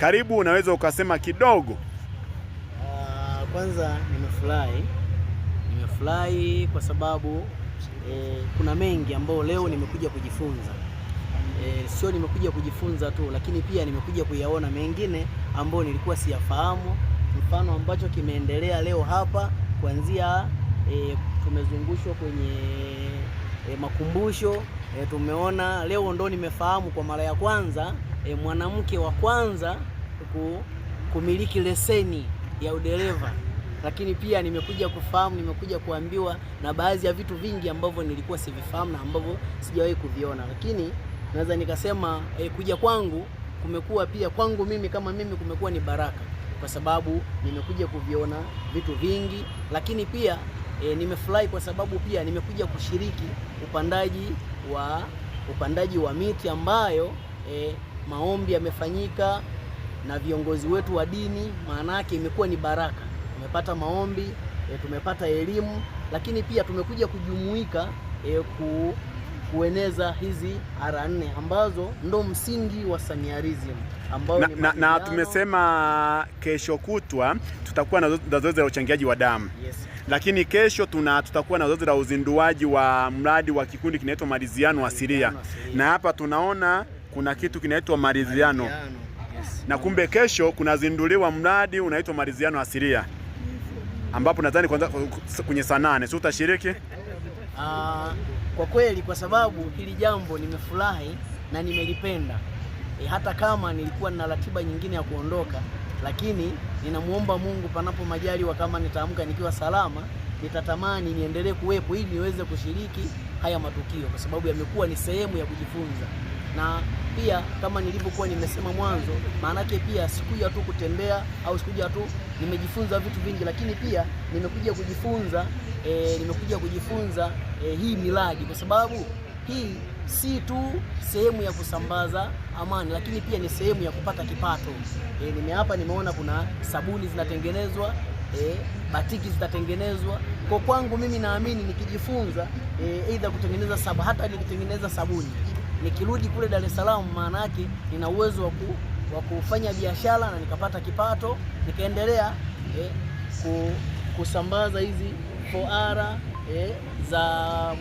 Karibu, unaweza ukasema kidogo? Uh, kwanza nimefurahi, nimefurahi kwa sababu eh, kuna mengi ambayo leo nimekuja kujifunza eh, sio nimekuja kujifunza tu, lakini pia nimekuja kuyaona mengine ambayo nilikuwa siyafahamu. Mfano ambacho kimeendelea leo hapa kuanzia eh, tumezungushwa kwenye e, makumbusho e, tumeona leo ndo nimefahamu kwa mara ya kwanza e, mwanamke wa kwanza ku, kumiliki leseni ya udereva lakini pia nimekuja kufahamu, nimekuja kuambiwa na baadhi ya vitu vingi ambavyo nilikuwa sivifahamu na ambavyo sijawahi kuviona, lakini naweza nikasema e, kuja kwangu kumekuwa pia kwangu mimi kama mimi kumekuwa ni baraka, kwa sababu nimekuja kuviona vitu vingi, lakini pia e, nimefurahi kwa sababu pia nimekuja kushiriki upandaji wa upandaji wa miti ambayo e, maombi yamefanyika na viongozi wetu wa dini. Maana yake imekuwa ni baraka, tumepata maombi e, tumepata elimu, lakini pia tumekuja kujumuika e, ku kueneza hizi ara nne ambazo ndo msingi wa saniarism ambao na, na, na tumesema kesho kutwa tutakuwa na zoezi la uchangiaji wa damu yes. Lakini kesho tuna tutakuwa na zoezi la uzinduaji wa mradi wa kikundi kinaitwa maridhiano asilia, na hapa tunaona kuna kitu kinaitwa maridhiano yes. Na kumbe kesho kunazinduliwa mradi unaitwa maridhiano asilia ambapo nadhani kwenye saa nane si utashiriki? Ah, kwa kweli kwa sababu hili jambo nimefurahi na nimelipenda e, hata kama nilikuwa nina ratiba nyingine ya kuondoka, lakini ninamwomba Mungu panapo majaliwa, kama nitaamka nikiwa salama, nitatamani niendelee kuwepo ili niweze kushiriki haya matukio, kwa sababu yamekuwa ni sehemu ya kujifunza na pia kama nilivyokuwa nimesema mwanzo, maanake pia sikuja tu kutembea au sikuja tu, nimejifunza vitu vingi, lakini pia nimekuja kujifunza e, nimekuja kujifunza e, hii miradi, kwa sababu hii si tu sehemu ya kusambaza amani, lakini pia ni sehemu ya kupata kipato. E, eh, nimeapa nimeona kuna sabuni zinatengenezwa E, batiki zitatengenezwa kwa kwangu mimi, naamini nikijifunza aidha e, kutengeneza sabu hata nikitengeneza sabuni nikirudi kule Dar es Salaam, maana yake nina uwezo wa kufanya biashara na nikapata kipato nikaendelea eh, kusambaza hizi foara eh, za